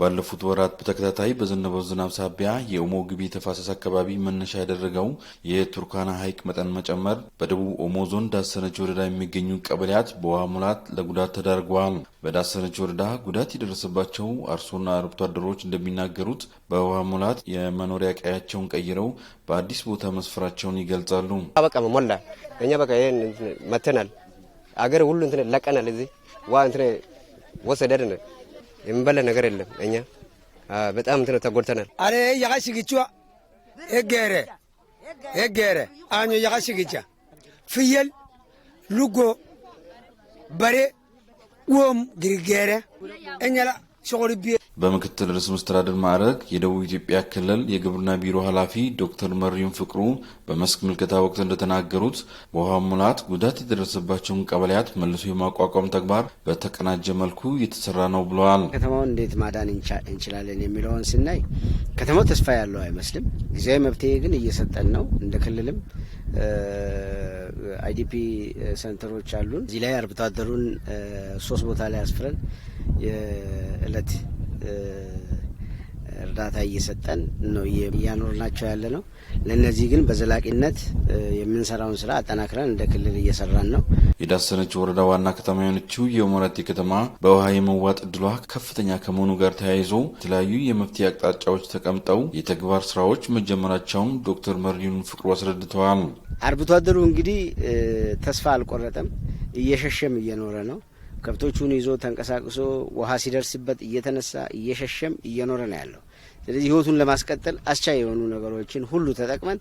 ባለፉት ወራት በተከታታይ በዘነበው ዝናብ ሳቢያ የኦሞ ግቢ ተፋሰስ አካባቢ መነሻ ያደረገው የቱርካና ሐይቅ መጠን መጨመር በደቡብ ኦሞ ዞን ዳሰነች ወረዳ የሚገኙ ቀበሌያት በውሃ ሙላት ለጉዳት ተዳርገዋል። በዳሰነች ወረዳ ጉዳት የደረሰባቸው አርሶና አርብቶ አደሮች እንደሚናገሩት በውሃ ሙላት የመኖሪያ ቀያቸውን ቀይረው በአዲስ ቦታ መስፈራቸውን ይገልጻሉ። በቃ ሞላ እኛ በቃ መተናል አገር ሁሉ እንትን ለቀናል። እዚህ ውሃ እንትን የምንበላ ነገር የለም። እኛ በጣም እንትን ተጎድተናል። አለ ያቃሽግቿ ሄገረ ሄገረ አኞ ያቃሽግቻ ፍየል፣ ሉጎ፣ በሬ፣ ወም ግርጌረ እኛላ ሸቆልቤ በምክትል ርዕሰ መስተዳድር ማዕረግ የደቡብ ኢትዮጵያ ክልል የግብርና ቢሮ ኃላፊ ዶክተር መሪም ፍቅሩ በመስክ ምልከታ ወቅት እንደተናገሩት በውሃ ሙላት ጉዳት የደረሰባቸውን ቀበሌያት መልሶ የማቋቋም ተግባር በተቀናጀ መልኩ እየተሰራ ነው ብለዋል። ከተማውን እንዴት ማዳን እንችላለን የሚለውን ስናይ ከተማው ተስፋ ያለው አይመስልም። ጊዜያዊ መፍትሄ ግን እየሰጠን ነው። እንደ ክልልም አይዲፒ ሰንተሮች አሉን። እዚህ ላይ አርብቶ አደሩን ሶስት ቦታ ላይ አስፍረን የእለት እርዳታ እየሰጠን ነው እያኖርናቸው ያለ ነው። ለእነዚህ ግን በዘላቂነት የምንሰራውን ስራ አጠናክረን እንደ ክልል እየሰራን ነው። የዳሰነች ወረዳ ዋና ከተማ የሆነችው የሞረቴ ከተማ በውሃ የመዋጥ እድሏ ከፍተኛ ከመሆኑ ጋር ተያይዞ የተለያዩ የመፍትሄ አቅጣጫዎች ተቀምጠው የተግባር ስራዎች መጀመራቸውን ዶክተር መሪዩን ፍቅሩ አስረድተዋል። አርብቶ አደሩ እንግዲህ ተስፋ አልቆረጠም፣ እየሸሸም እየኖረ ነው። ከብቶቹን ይዞ ተንቀሳቅሶ ውሃ ሲደርስበት እየተነሳ እየሸሸም እየኖረ ነው ያለው። ስለዚህ ህይወቱን ለማስቀጠል አስቻይ የሆኑ ነገሮችን ሁሉ ተጠቅመን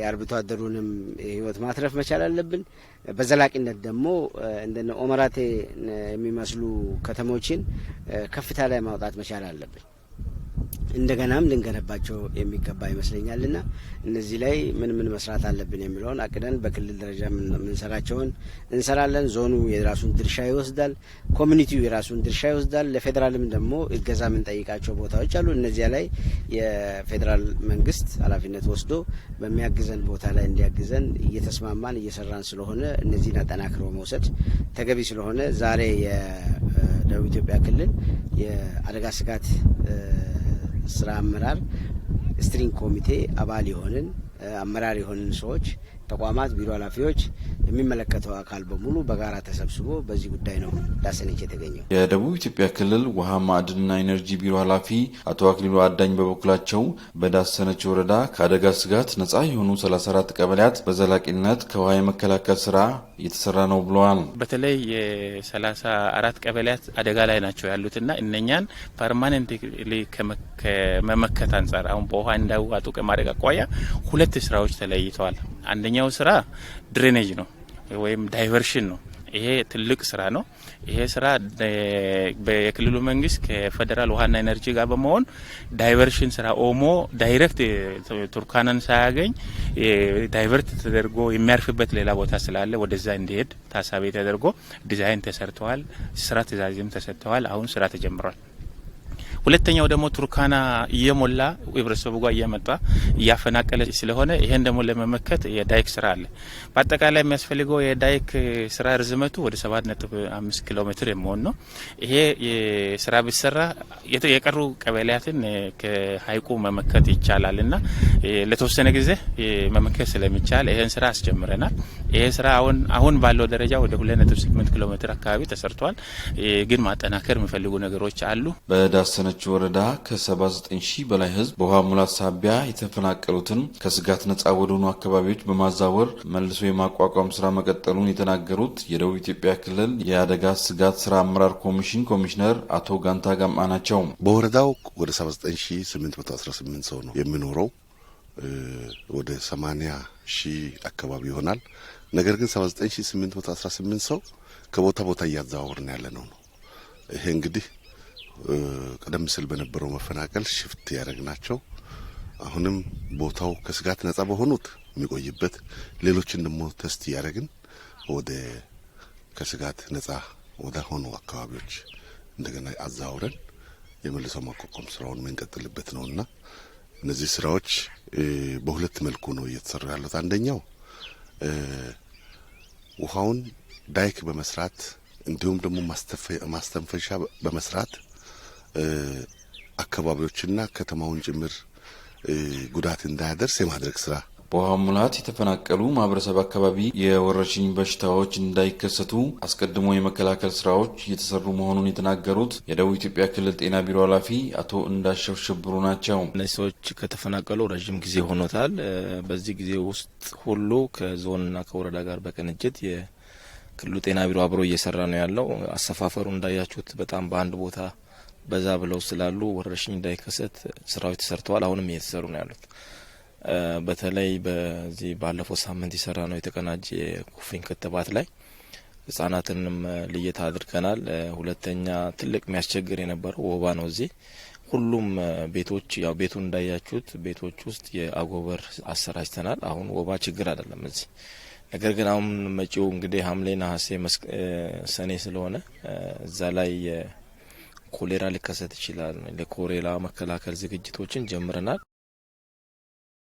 የአርብቶ አደሩንም ህይወት ማትረፍ መቻል አለብን። በዘላቂነት ደግሞ እንደነ ኦመራቴ የሚመስሉ ከተሞችን ከፍታ ላይ ማውጣት መቻል አለብን። እንደገናም ልንገነባቸው የሚገባ ይመስለኛል ና እነዚህ ላይ ምን ምን መስራት አለብን የሚለውን አቅደን በክልል ደረጃ ምንሰራቸውን እንሰራለን። ዞኑ የራሱን ድርሻ ይወስዳል፣ ኮሚኒቲው የራሱን ድርሻ ይወስዳል። ለፌዴራልም ደግሞ እገዛ የምንጠይቃቸው ቦታዎች አሉ። እነዚያ ላይ የፌዴራል መንግስት ኃላፊነት ወስዶ በሚያግዘን ቦታ ላይ እንዲያግዘን እየተስማማን እየሰራን ስለሆነ እነዚህን አጠናክሮ መውሰድ ተገቢ ስለሆነ ዛሬ የደቡብ ኢትዮጵያ ክልል የአደጋ ስጋት ስራ አመራር ስትሪንግ ኮሚቴ አባል የሆንን አመራር የሆንን ሰዎች፣ ተቋማት፣ ቢሮ ኃላፊዎች የሚመለከተው አካል በሙሉ በጋራ ተሰብስቦ በዚህ ጉዳይ ነው ዳሰነች የተገኘው። የደቡብ ኢትዮጵያ ክልል ውሃ ማዕድንና ኢነርጂ ቢሮ ኃላፊ አቶ አክሊሉ አዳኝ በበኩላቸው በዳሰነች ወረዳ ከአደጋ ስጋት ነጻ የሆኑ 34 ቀበሌያት በዘላቂነት ከውሃ የመከላከል ስራ እየተሰራ ነው ብለዋል። በተለይ የ34 ቀበሌያት አደጋ ላይ ናቸው ያሉትና እነኛን ፐርማነንት ከመመከት አንጻር አሁን በውሃ እንዳዋጡ ከማድረግ አኳያ ሁለት ስራዎች ተለይተዋል። አንደኛው ስራ ድሬኔጅ ነው። ወይም ዳይቨርሽን ነው። ይሄ ትልቅ ስራ ነው። ይሄ ስራ የክልሉ መንግስት ከፌዴራል ውሃና ኤነርጂ ጋር በመሆን ዳይቨርሽን ስራ ኦሞ ዳይሬክት ቱርካናን ሳያገኝ ዳይቨርት ተደርጎ የሚያርፍበት ሌላ ቦታ ስላለ ወደዛ እንዲሄድ ታሳቢ ተደርጎ ዲዛይን ተሰርተዋል። ስራ ትእዛዝም ተሰጥተዋል። አሁን ስራ ተጀምሯል። ሁለተኛው ደግሞ ቱርካና እየሞላ ህብረተሰቡ ጋር እየመጣ እያፈናቀለ ስለሆነ ይሄን ደግሞ ለመመከት የዳይክ ስራ አለ። በአጠቃላይ የሚያስፈልገው የዳይክ ስራ ርዝመቱ ወደ 7.5 ኪሎ ሜትር የሚሆን ነው። ይሄ ስራ ቢሰራ የቀሩ ቀበሌያትን ከሀይቁ መመከት ይቻላል እና ለተወሰነ ጊዜ መመከት ስለሚቻል ይህን ስራ አስጀምረናል። ይህ ስራ አሁን ባለው ደረጃ ወደ 2.8 ኪሎ ሜትር አካባቢ ተሰርቷል። ግን ማጠናከር የሚፈልጉ ነገሮች አሉ። በዳሰነ በተባለች ወረዳ ከ79 ሺህ በላይ ህዝብ በውሃ ሙላት ሳቢያ የተፈናቀሉትን ከስጋት ነጻ ወደሆኑ አካባቢዎች በማዛወር መልሶ የማቋቋም ስራ መቀጠሉን የተናገሩት የደቡብ ኢትዮጵያ ክልል የአደጋ ስጋት ስራ አመራር ኮሚሽን ኮሚሽነር አቶ ጋንታ ጋማ ናቸው። በወረዳው ወደ 79818 ሰው ነው የሚኖረው። ወደ 80 ሺህ አካባቢ ይሆናል። ነገር ግን 79818 ሰው ከቦታ ቦታ እያዘዋወርን ያለ ነው ነው ይሄ እንግዲህ ቀደም ስል በነበረው መፈናቀል ሽፍት ያደረግ ናቸው። አሁንም ቦታው ከስጋት ነጻ በሆኑት የሚቆይበት ሌሎችን ደግሞ ተስት እያደረግን ወደ ከስጋት ነጻ ወደ ሆኑ አካባቢዎች እንደገና አዛውረን የመልሶ ማቋቋም ስራውን የምንቀጥልበት ነው እና እነዚህ ስራዎች በሁለት መልኩ ነው እየተሰሩ ያሉት። አንደኛው ውሃውን ዳይክ በመስራት እንዲሁም ደግሞ ማስተንፈሻ በመስራት አካባቢዎችና ከተማውን ጭምር ጉዳት እንዳያደርስ የማድረግ ስራ በውሃ ሙላት የተፈናቀሉ ማህበረሰብ አካባቢ የወረርሽኝ በሽታዎች እንዳይከሰቱ አስቀድሞ የመከላከል ስራዎች እየተሰሩ መሆኑን የተናገሩት የደቡብ ኢትዮጵያ ክልል ጤና ቢሮ ኃላፊ አቶ እንዳሸብሸብሩ ሽብሩ ናቸው። እነዚህ ሰዎች ከተፈናቀሉ ረዥም ጊዜ ሆኖታል። በዚህ ጊዜ ውስጥ ሁሉ ከዞንና ከወረዳ ጋር በቅንጅት የክልሉ ጤና ቢሮ አብሮ እየሰራ ነው ያለው። አሰፋፈሩ እንዳያችሁት በጣም በአንድ ቦታ በዛ ብለው ስላሉ ወረርሽኝ እንዳይከሰት ስራዎች ተሰርተዋል። አሁንም እየተሰሩ ነው ያሉት። በተለይ በዚህ ባለፈው ሳምንት የሰራ ነው የተቀናጀ የኩፍኝ ክትባት ላይ ህጻናትንም ልየት አድርገናል። ሁለተኛ ትልቅ የሚያስቸግር የነበረው ወባ ነው። እዚህ ሁሉም ቤቶች ያው ቤቱን እንዳያችሁት ቤቶች ውስጥ የአጎበር አሰራጅተናል። አሁን ወባ ችግር አይደለም እዚህ ነገር ግን አሁን መጪው እንግዲህ ሐምሌ ነሐሴ፣ ሰኔ ስለሆነ እዛ ላይ ኮሌራ ሊከሰት ይችላል። ለኮሌራ መከላከል ዝግጅቶችን ጀምረናል።